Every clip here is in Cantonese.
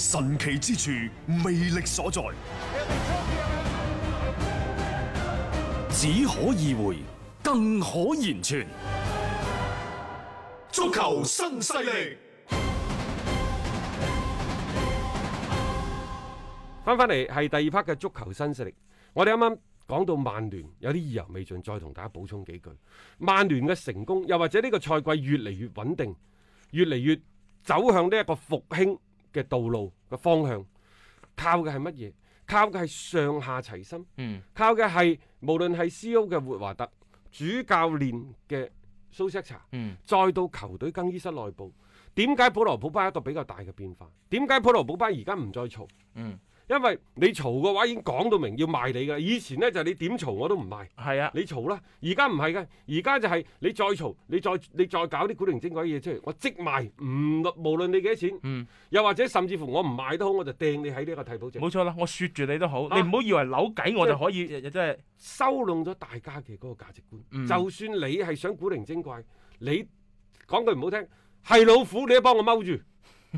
神奇之處，魅力所在，只可意會，更可言傳。足球新勢力翻翻嚟係第二 part 嘅足球新勢力。我哋啱啱講到曼聯有啲意猶未盡，再同大家補充幾句。曼聯嘅成功，又或者呢個賽季越嚟越穩定，越嚟越走向呢一個復興嘅道路嘅方向，靠嘅係乜嘢？靠嘅係上下齊心，嗯，靠嘅係無論係 CEO 嘅活華德主教練嘅蘇錫查，嗯，再到球隊更衣室內部，點解普羅普巴一個比較大嘅變化？點解普羅普巴而家唔再嘈？嗯。因為你嘈嘅話，已經講到明要賣你嘅，以前咧就係、你點嘈我都唔賣。係啊，你嘈啦。而家唔係嘅，而家就係你再嘈，你再你再搞啲古靈精怪嘅嘢，出嚟，我即賣，唔無論你幾多錢。嗯。又或者甚至乎我唔賣都好，我就掟你喺呢個替補席。冇錯啦，我說住你都好，啊、你唔好以為扭計我就可以。亦亦即係收攏咗大家嘅嗰個價值觀。嗯、就算你係想古靈精怪，你講句唔好聽，係老虎，你都幫我踎住。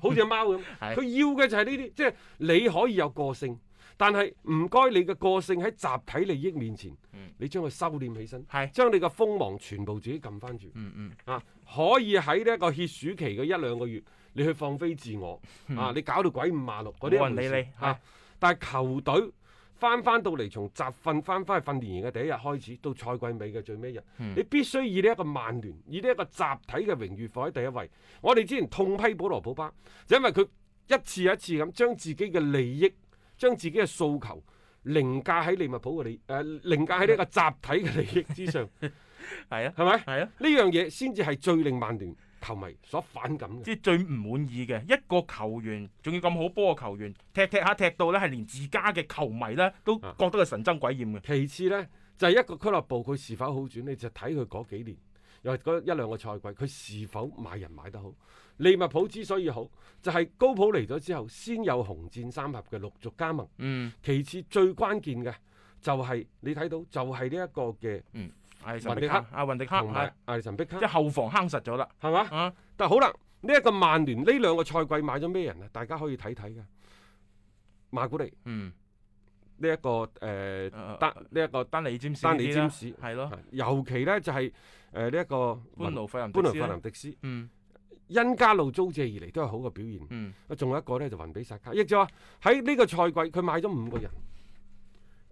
好似隻貓咁，佢 是要嘅就係呢啲，即、就、係、是、你可以有個性，但係唔該你嘅個性喺集體利益面前，嗯、你將佢收斂起身，是將你嘅鋒芒全部自己撳翻住，嗯嗯啊，可以喺呢一個歇暑期嘅一兩個月，你去放飛自我，嗯、啊，你搞到鬼五馬六，嗰啲唔理你吓、啊，但係球隊。翻翻到嚟，從集訓翻翻去訓練營嘅第一日開始，到賽季尾嘅最尾日，嗯、你必須以呢一個曼聯，以呢一個集體嘅榮譽放喺第一位。我哋之前痛批保羅普巴，就因為佢一次一次咁將自己嘅利益，將自己嘅訴求凌駕喺利物浦嘅利，誒、呃、凌駕喺呢一個集體嘅利益之上。係 啊，係咪？係啊，呢樣嘢先至係最令曼聯。球迷所反感，嘅，即係最唔滿意嘅一個球員，仲要咁好波嘅球員，踢踢下踢，踢到咧，係連自家嘅球迷咧都覺得個神憎鬼厭嘅。其次咧，就係、是、一個俱樂部佢是否好轉，你就睇佢嗰幾年又係嗰一兩個賽季，佢是否買人買得好。利物浦之所以好，就係、是、高普嚟咗之後先有紅箭三俠嘅陸續加盟。嗯，其次最關鍵嘅就係、是、你睇到就，就係呢一個嘅。嗯。係陳迪克，阿陳迪卡，唔係，係碧卡，即後防夯實咗啦，係嘛？但係好啦，呢一個曼聯呢兩個賽季買咗咩人啊？大家可以睇睇嘅，馬古尼，嗯，呢一個誒，丹呢一個丹尼詹士，丹尼詹士係咯，尤其咧就係誒呢一個，搬來法蘭，搬來法蘭迪斯，恩加路租借而嚟都係好嘅表現，仲有一個咧就雲比薩卡，亦就係話喺呢個賽季佢買咗五個人，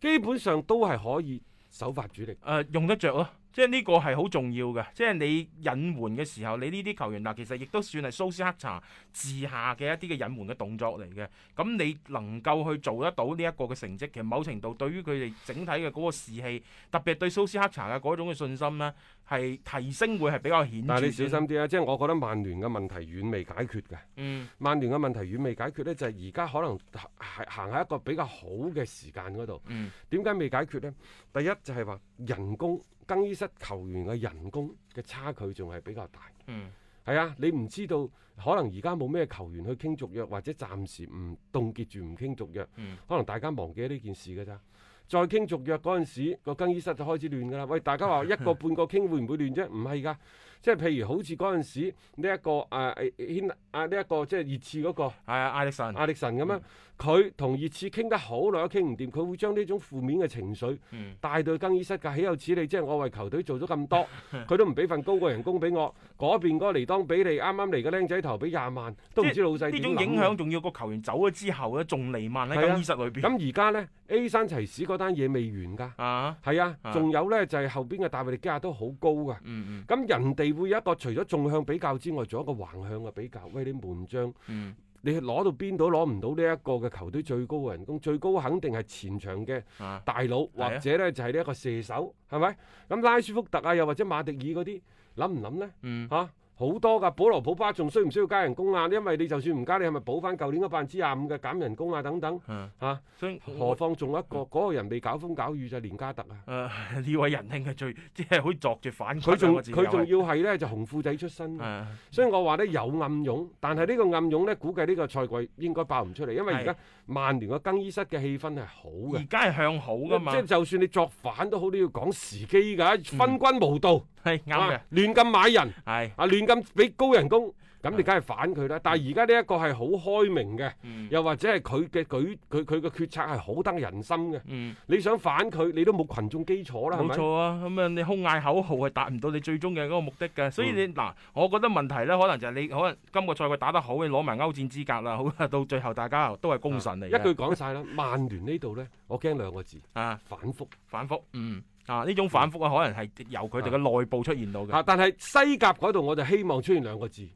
基本上都係可以。首發主力，呃，誒用得着咯。即係呢個係好重要嘅，即係你隱瞞嘅時候，你呢啲球員嗱，其實亦都算係蘇斯克查治下嘅一啲嘅隱瞞嘅動作嚟嘅。咁你能夠去做得到呢一個嘅成績，其實某程度對於佢哋整體嘅嗰個士氣，特別對蘇斯克查嘅嗰種嘅信心呢，係提升會係比較顯著。但係你小心啲啊！即係我覺得曼聯嘅問題遠未解決嘅。嗯。曼聯嘅問題遠未解決呢，就係而家可能行喺一個比較好嘅時間嗰度。嗯。點解未解決呢？第一就係話人工。更衣室球員嘅人工嘅差距仲係比較大，嗯，係啊，你唔知道可能而家冇咩球員去傾續約，或者暫時唔凍結住唔傾續約，嗯，可能大家忘記呢件事㗎咋。再傾續約嗰陣時，個更衣室就開始亂㗎啦。喂，大家話一個半個傾會唔會亂啫？唔係㗎，即係譬如好似嗰陣時呢一個誒、 啊，阿呢一個即係熱刺嗰個，係啊，艾歷臣，艾歷臣咁樣，佢同熱刺傾得好耐都傾唔掂，佢會將呢種負面嘅情緒帶到更衣室㗎。豈有此理！即係我為球隊做咗咁多，佢都唔俾份高過人工俾我。嗰邊嗰嚟當比利啱啱嚟嘅僆仔頭俾廿萬，都唔知老細點。呢種影響仲要個球員走咗之後咧，仲彌漫喺更衣室裏邊。咁而家咧？ A 山齊士嗰單嘢未完噶。係、uh, 啊，仲、uh, 有咧就係、是、後邊嘅大衛力基亞都好高噶，咁、uh, uh, 人哋會有一個除咗縱向比較之外，仲有一個橫向嘅比較。喂，你門將，uh, 你攞到邊度攞唔到呢一個嘅球隊最高嘅人工？最高肯定係前場嘅大佬，uh, 或者咧就係呢一個射手，係咪、uh, uh, 啊？咁拉舒福特啊，又或者馬迪爾嗰啲，諗唔諗咧？吓？Uh, 好多噶，保羅普巴仲需唔需要加人工啊？因為你就算唔加，你係咪補翻舊年嗰百分之廿五嘅減人工啊？等等，嚇，何況仲有一個嗰、嗯、個人未搞風搞雨就連加特啊？啊人呢位仁兄係最即係可以作住反，佢仲佢仲要係咧就紅褲仔出身，嗯、所以我話咧有暗湧，但係呢個暗湧咧估計呢個賽季應該爆唔出嚟，因為而家曼聯個更衣室嘅氣氛係好嘅，而家係向好㗎嘛，即係就，就算你作反都好，都要講時機㗎、啊，昏君無道。嗯係啱嘅，亂咁、啊、買人係是啊，亂咁俾高人工，咁你梗係反佢啦。是但係而家呢一個係好開明嘅，嗯、又或者係佢嘅舉佢佢嘅決策係好得人心嘅。嗯、你想反佢，你都冇群眾基礎啦，係咪？冇錯啊，咁、嗯、啊，你空嗌口號係達唔到你最終嘅嗰個目的嘅。所以你嗱、嗯，我覺得問題咧，可能就係你可能今個賽季打得好，你攞埋歐戰資格啦，好啊。到最後大家都係功臣嚟，、嗯，一句講晒啦。曼聯呢度咧，我驚兩個字啊，反復，反復，嗯。啊！呢種反覆啊，可能係由佢哋嘅內部出現到嘅。啊。啊！但係西甲嗰度，我就希望出現兩個字，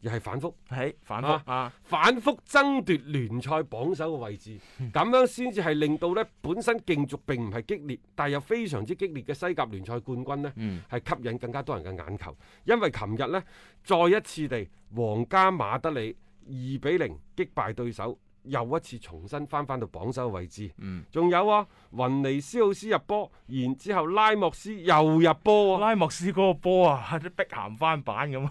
又係反覆。係反覆啊！反覆爭奪聯賽榜首嘅位置，咁，嗯、樣先至係令到呢本身競逐並唔係激烈，但係又非常之激烈嘅西甲聯賽冠軍呢係，嗯、吸引更加多人嘅眼球。因為琴日呢，再一次地皇家馬德里二比零擊敗對手。又一次重新翻翻到榜首位置，嗯，仲有啊，雲尼斯奧斯入波，然之後拉莫斯又入波，拉莫斯嗰個波啊，啲、啊、碧咸翻版咁，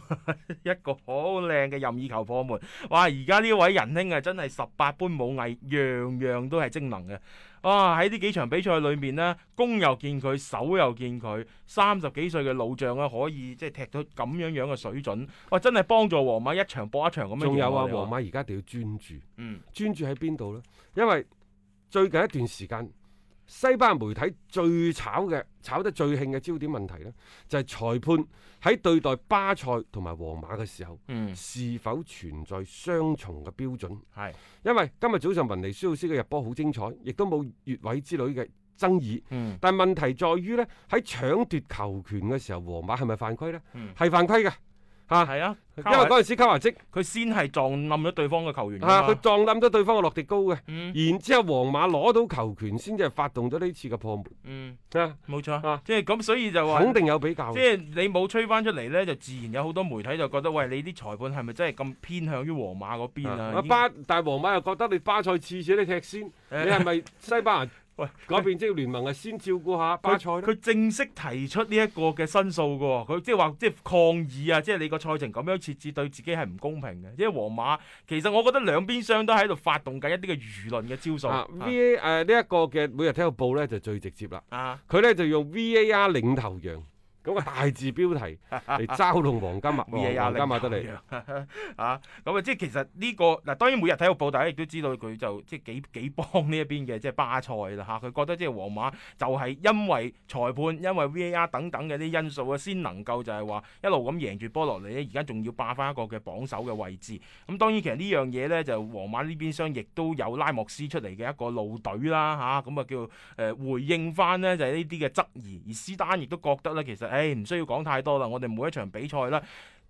一個好靚嘅任意球破門，哇！而家呢位仁兄啊，真係十八般武藝，樣樣都係精能嘅。哇！喺呢、啊、幾場比賽裏面呢，攻又見佢，守又見佢，三十幾歲嘅老將咧，可以即係踢到咁樣樣嘅水準，哇、啊！真係幫助皇馬一場搏一場咁樣有。仲有啊，皇馬而家一定要專注，嗯、專注喺邊度呢？因為最近一段時間。西班牙媒體最炒嘅、炒得最興嘅焦點問題呢，就係、是、裁判喺對待巴塞同埋皇馬嘅時候，嗯、是否存在雙重嘅標準？係是，因為今日早上文尼修斯嘅日波好精彩，亦都冇越位之類嘅爭議。嗯、但係問題在於呢，喺搶奪球權嘅時候，皇馬係咪犯規呢？係、嗯、犯規嘅。嚇，係啊，因為嗰陣時卡華積佢先係撞冧咗對方嘅球員，嚇佢撞冧咗對方嘅落迪高嘅，然之後皇馬攞到球權先至發動咗呢次嘅破門，嗯，係冇錯，即係咁，所以就話肯定有比較，即係你冇吹翻出嚟咧，就自然有好多媒體就覺得，喂，你啲裁判係咪真係咁偏向於皇馬嗰邊啊？巴，但係皇馬又覺得你巴塞次次你踢先，你係咪西班牙？喂，改變職業聯盟係先照顧下巴塞佢正式提出呢一個嘅申訴嘅喎、哦，佢即係話即係抗議啊！即、就、係、是、你個賽程咁樣設置對自己係唔公平嘅。因、就、為、是、皇馬其實我覺得兩邊廂都喺度發動緊一啲嘅輿論嘅招數。啊啊、V A 誒呢一個嘅每日體育報咧就最直接啦。佢咧、啊、就用 V A R 領頭羊。嗰個大字標題嚟嘲弄皇家馬，皇家馬 啊！咁 啊，即係其實呢、這個嗱，當然每日體育報大家亦都知道佢就即係幾幾幫呢一邊嘅，即、就、係、是、巴塞啦嚇。佢、啊、覺得即係皇馬就係因為裁判、因為 VAR 等等嘅啲因素啊，先能夠就係話一路咁贏住波落嚟咧。而家仲要霸翻一個嘅榜首嘅位置。咁、嗯、當然其實呢樣嘢咧，就是、皇馬呢邊雙亦都有拉莫斯出嚟嘅一個露隊啦嚇。咁啊就叫誒、呃、回應翻咧就係呢啲嘅質疑。而斯丹亦都覺得咧其實。誒唔、哎、需要講太多啦，我哋每一場比賽啦，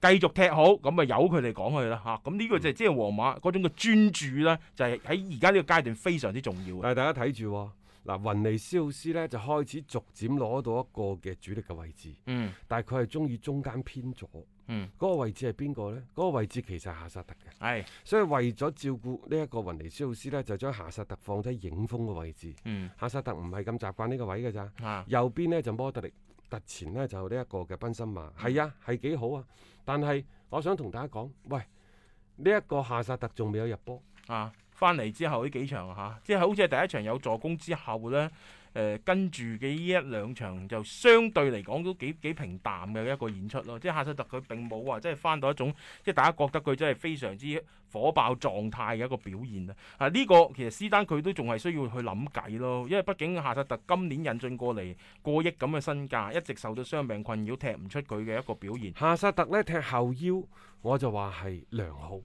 繼續踢好，咁咪由佢哋講佢啦嚇。咁、啊、呢個就係即係皇馬嗰、嗯、種嘅專注啦，就係喺而家呢個階段非常之重要。但係大家睇住嗱，雲尼斯奧斯咧就開始逐漸攞到一個嘅主力嘅位置。嗯。但係佢係中意中間偏左。嗯。嗰個位置係邊個咧？嗰、那個位置其實係夏薩特嘅。係。哎、所以為咗照顧呢一個雲尼斯奧斯咧，就將夏薩特放喺影鋒嘅位置。嗯。夏薩特唔係咁習慣呢個位㗎咋。嚇。右邊咧就摩特力。突前咧就呢一個嘅賓森馬係啊係幾好啊，但係我想同大家講，喂，呢一個夏薩特仲未有入波啊，翻嚟之後呢幾場吓，啊，即係好似係第一場有助攻之後咧。誒、呃、跟住嘅呢一兩場就相對嚟講都幾幾平淡嘅一個演出咯，即係夏薩特佢並冇話、啊、即係返到一種即係大家覺得佢真係非常之火爆狀態嘅一個表現啊。啊，呢、這個其實斯丹佢都仲係需要去諗計咯，因為畢竟夏薩特今年引進過嚟過億咁嘅身價，一直受到傷病困擾，踢唔出佢嘅一個表現。夏薩特咧踢後腰，我就話係良好。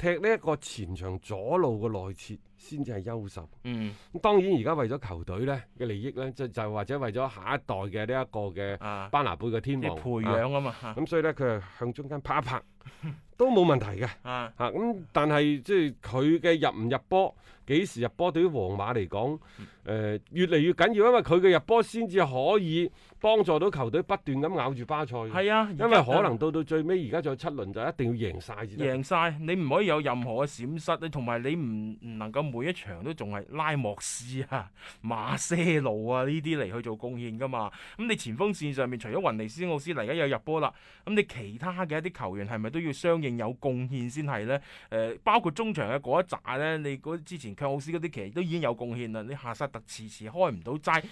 踢呢一個前場左路嘅內切先至係優秀。嗯，咁當然而家為咗球隊咧嘅利益咧，就就或者為咗下一代嘅呢、啊、一個嘅班拿貝嘅天王，培養啊嘛。咁、啊嗯、所以咧，佢係向中間拍一拍，都冇問題嘅，啊，吓咁、啊，但係即係佢嘅入唔入波，幾時入波，對於皇馬嚟講，誒、呃，越嚟越緊要，因為佢嘅入波先至可以幫助到球隊不斷咁咬住巴塞。係啊，因為可能到到最尾，而家仲有七輪就一定要贏晒，贏晒，你唔可以有任何嘅閃失，你同埋你唔唔能夠每一場都仲係拉莫斯啊、馬些路啊呢啲嚟去做貢獻噶嘛。咁你前鋒線上面除咗雲尼斯奧斯嚟緊有入波啦，咁你其他嘅一啲球員係咪都？都要相應有貢獻先係咧，誒、呃、包括中場嘅嗰一紮咧，你之前強奧斯嗰啲其實都已經有貢獻啦，你夏薩特遲遲開唔到齋，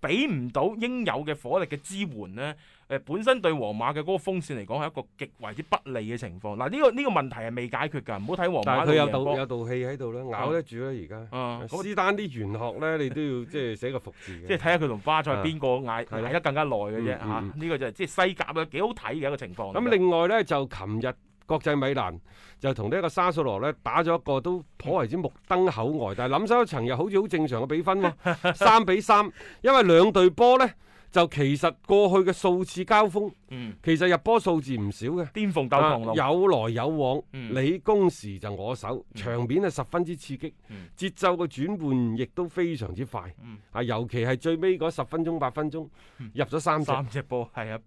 俾唔到應有嘅火力嘅支援咧。誒，本身對皇馬嘅嗰個鋒線嚟講係一個極為之不利嘅情況。嗱，呢個呢個問題係未解決噶，唔好睇皇馬。佢有道有道氣喺度咧，咬得住咧而家。啊，斯丹啲玄學咧，你都要即係寫個服字。即係睇下佢同巴塞邊個嗌、嗌得更加耐嘅啫。吓，呢個就即係西甲咧幾好睇嘅一個情況。咁另外咧，就琴日國際米蘭就同呢一個沙索羅咧打咗一個都頗為之目瞪口呆，但係諗深一層又好似好正常嘅比分三比三，因為兩隊波咧。就其實過去嘅數次交鋒，嗯、其實入波數字唔少嘅，顛鳳鬥狂龍、啊、有來有往，嗯、你攻時就我守，嗯、場面係十分之刺激，嗯、節奏嘅轉換亦都非常之快。嗯、啊，尤其係最尾嗰十分鐘、八分鐘入咗三三隻波，係、嗯、啊，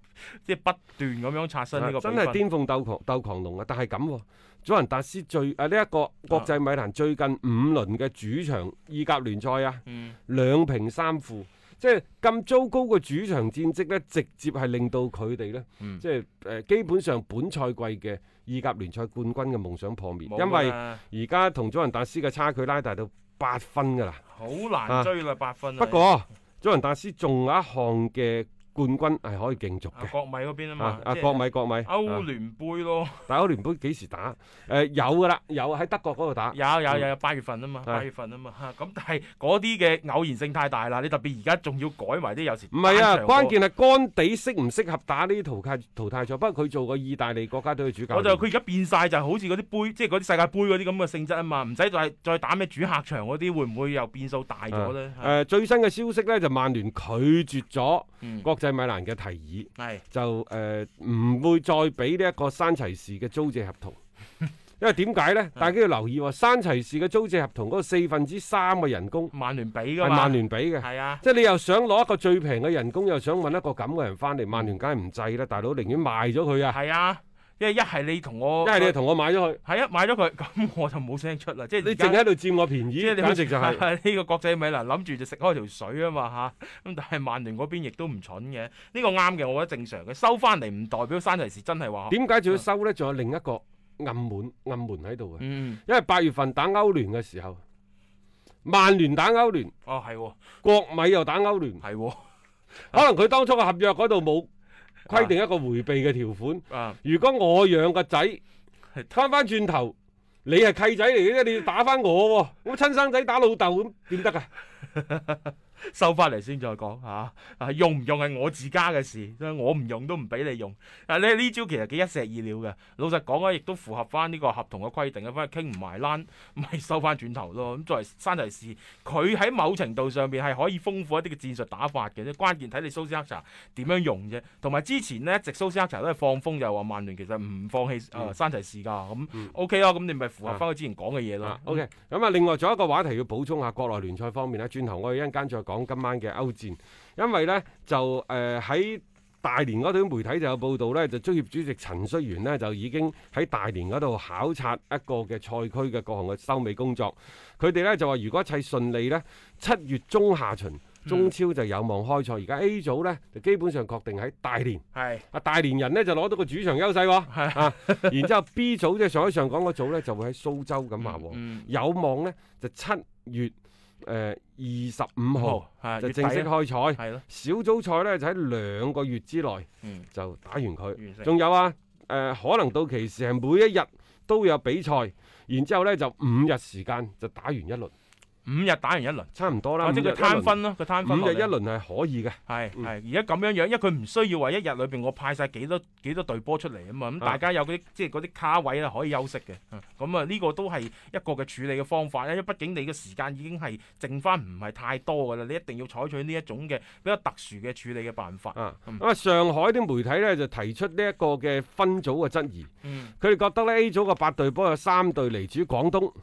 即係不斷咁樣刷新呢個比分、啊、真係顛鳳鬥狂鬥狂龍是是啊！但係咁，祖雲達斯最啊呢一、這個國際米蘭最近五輪嘅主場意甲聯賽啊、嗯，兩平三負。即係咁糟糕嘅主場戰績咧，直接係令到佢哋咧，嗯、即係誒、呃、基本上本賽季嘅意甲聯賽冠軍嘅夢想破滅，了因為而家同祖雲達斯嘅差距拉大到八分㗎啦，好難追啦八、啊、分。不過祖雲達斯仲有一項嘅。冠軍係可以競逐嘅，啊，國米嗰邊啊嘛，啊是國米國米歐聯杯咯，但歐聯杯幾時打？誒有㗎啦，有喺德國嗰度打，有有有有八，嗯、月份啊嘛，八月份啊嘛咁，的但係嗰啲嘅偶然性太大啦，你特別而家仲要改埋啲有時唔係啊，關鍵係干地適唔適合打呢啲淘汰淘汰賽，不過佢做個意大利國家隊嘅主教，我就佢而家變晒就係，是、好似嗰啲杯，即係嗰啲世界盃嗰啲咁嘅性質啊嘛，唔使再再打咩主客場嗰啲，會唔會又變數大咗咧？誒最新嘅消息咧就曼聯拒絕咗，嗯、國際。係米蘭嘅提議，就誒唔會再俾呢一個山齊士嘅租借合同，因為點解咧？大家要留意，山齊士嘅租借合同嗰個四分之三嘅人工，曼聯俾噶嘛。曼聯俾嘅，係啊，即係你又想攞一個最平嘅人工，又想揾一個咁嘅人翻嚟，曼聯梗係唔制啦，大佬寧願賣咗佢啊！係啊。因為一係你同我，一係你同我買咗佢，係啊，買咗佢，咁我就冇聲出啦。即係你淨喺度佔我便宜，你簡直就係、是、呢、啊這個國際米蘭啦，諗住就食開條水嘛啊嘛吓。咁但係曼聯嗰邊亦都唔蠢嘅，呢、這個啱嘅，我覺得正常嘅。收翻嚟唔代表山提士真係話。點解仲要收咧？仲有另一個暗門暗門喺度嘅。嗯、因為八月份打歐聯嘅時候，曼聯打歐聯，啊、哦係，國米又打歐聯，係、嗯，哦、可能佢當初嘅合約嗰度冇。規定一個迴避嘅條款，啊、如果我養個仔，返返轉頭，你係契仔嚟嘅啫，你要打翻我喎，咁 親生仔打老豆咁點得啊？ 收翻嚟先再講吓，啊、啊用唔用係我自家嘅事，啊、我唔用都唔俾你用。啊呢呢招其實幾一石二鳥嘅，老實講啊，亦都符合翻呢個合同嘅規定啊，翻傾唔埋欄咪收翻轉頭咯。咁、嗯、作為山齊士，佢喺某程度上面係可以豐富一啲嘅戰術打法嘅，關鍵睇你蘇斯克查點樣用啫。同埋之前咧，一直蘇斯克查都係放風，就話、是、曼聯其實唔放棄誒、呃、山齊士噶。咁、嗯嗯嗯、OK 啊，咁你咪符合翻佢之前講嘅嘢咯。OK，咁啊，另外仲有一個話題要補充下國內聯賽方面咧，轉頭我哋一陣間再。講今晚嘅歐戰，因為呢就誒喺、呃、大連嗰度媒體就有報道，呢就足協主席陳戌源呢，就已經喺大連嗰度考察一個嘅賽區嘅各項嘅收尾工作。佢哋呢就話，如果一切順利呢，七月中下旬中超就有望開賽。而家 A 組呢，就基本上確定喺大連。係啊是，大連人呢就攞到個主場優勢喎。是啊，然之後 B 組 即係上海上港嗰組咧就會喺蘇州咁話，嗯嗯、有望呢就七月。誒，二十五號、嗯啊、就正式開賽，啊啊、小組賽呢就喺兩個月之內就打完佢。仲、嗯、有啊，誒、呃，可能到期時係每一日都有比賽，然之後呢就五日時間就打完一輪。五日打完一輪，差唔多啦。或者佢攤分咯，佢攤分。五日一輪係可以嘅。係係是，而家咁樣樣，因為佢唔需要話一日裏邊我派晒幾多幾多隊波出嚟啊嘛，咁大家有嗰啲、啊、即係啲卡位啦，可以休息嘅。咁啊，呢、啊這個都係一個嘅處理嘅方法咧，因為畢竟你嘅時間已經係剩翻唔係太多噶啦，你一定要採取呢一種嘅比較特殊嘅處理嘅辦法。啊，咁、嗯、啊，上海啲媒體咧就提出呢一個嘅分組嘅質疑。佢哋覺得咧 A 組嘅八隊波有三隊嚟自廣東，東。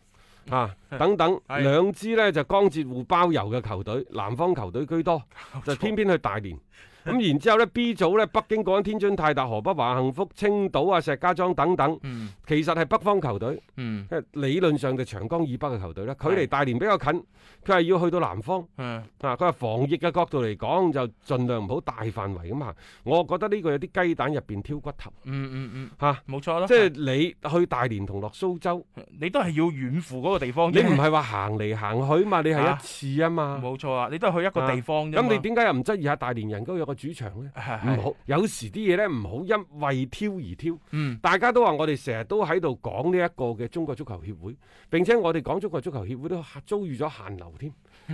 啊！等等，兩是支呢就是、江浙滬包郵嘅球隊，南方球隊居多，搞錯 就偏偏去大連。咁然之後咧，B 組咧，北京國安、天津泰達、河北華幸福、青島啊、石家莊等等，嗯、其實係北方球隊，嗯、理論上就長江以北嘅球隊啦。佢離大連比較近，佢係要去到南方。嗯、啊，佢係防疫嘅角度嚟講，就儘量唔好大範圍咁行。我覺得呢個有啲雞蛋入邊挑骨頭。嗯嗯嗯，嚇、嗯，冇錯咯。啊、錯即係你去大連同落蘇州，你都係要遠赴嗰個地方。你唔係話行嚟行去啊嘛？你係一次啊嘛？冇錯啊，你都係去一個地方。咁你點解又唔質疑下大連人主場呢唔是好。是是，有時啲嘢呢唔好因為挑而挑。嗯、大家都話我哋成日都喺度講呢一個嘅中國足球協會，並且我哋講中國足球協會都遭遇咗限流添，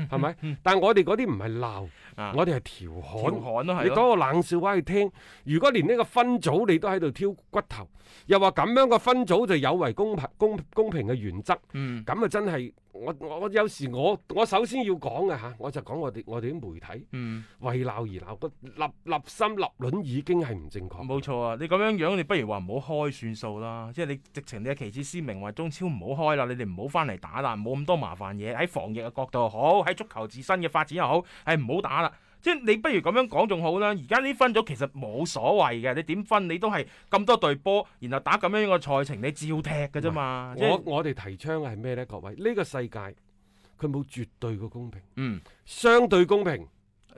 係咪？但係我哋嗰啲唔係鬧，啊、我哋係調侃，調侃都係。你講個冷笑話去聽，如果連呢個分組你都喺度挑骨頭，又話咁樣個分組就有違公平公公平嘅原則，咁啊、嗯、真係。我我我有時我我首先要講嘅吓，我就講我哋我哋啲媒體，嗯、為鬧而鬧，立立心立論，已經係唔正確。冇錯啊！你咁樣樣，你不如話唔好開算數啦。即係你直情你嘅旗幟鮮明，話中超唔好開啦，你哋唔好翻嚟打啦，冇咁多麻煩嘢。喺防疫嘅角度又好，喺足球自身嘅發展又好，係唔好打啦。即係你不如咁樣講仲好啦，而家呢分咗其實冇所謂嘅，你點分你都係咁多隊波，然後打咁樣一個賽程，你照踢嘅啫嘛。是即我我哋提倡係咩呢？各位呢，呢個世界佢冇絕對嘅公平，嗯，相對公平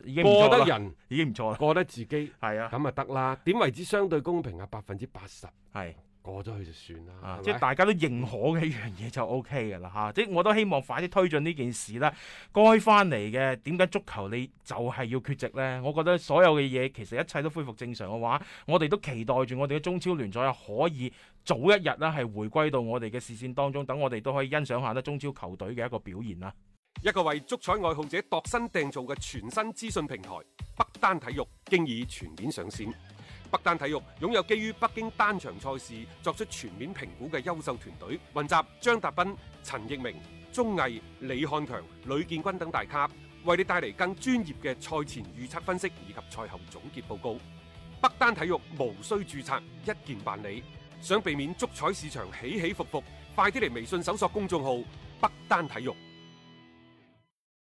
已經唔錯啦，過得人，已經唔錯啦，過得自己係啊，咁咪得啦。點為之相對公平啊？百分之八十係。過咗去就算啦，啊、吧即係大家都認可嘅一樣嘢，就 O K 噶啦吓，即我都希望快啲推進呢件事啦。該翻嚟嘅，點解足球你就係要缺席呢？我覺得所有嘅嘢，其實一切都恢復正常嘅話，我哋都期待住我哋嘅中超聯賽可以早一日啦，係回歸到我哋嘅視線當中，等我哋都可以欣賞下咧中超球隊嘅一個表現啦。一個為足彩愛好者度身訂造嘅全新資訊平台北單體育，經已全面上線。北單體育擁有基於北京單場賽事作出全面評估嘅優秀團隊，雲集張達斌、陳亦明、鍾毅、李漢強、呂建軍等大咖，為你帶嚟更專業嘅賽前預測分析以及賽後總結報告。北單體育無需注冊，一鍵辦理。想避免足彩市場起起伏伏，快啲嚟微信搜索公眾號北單體育。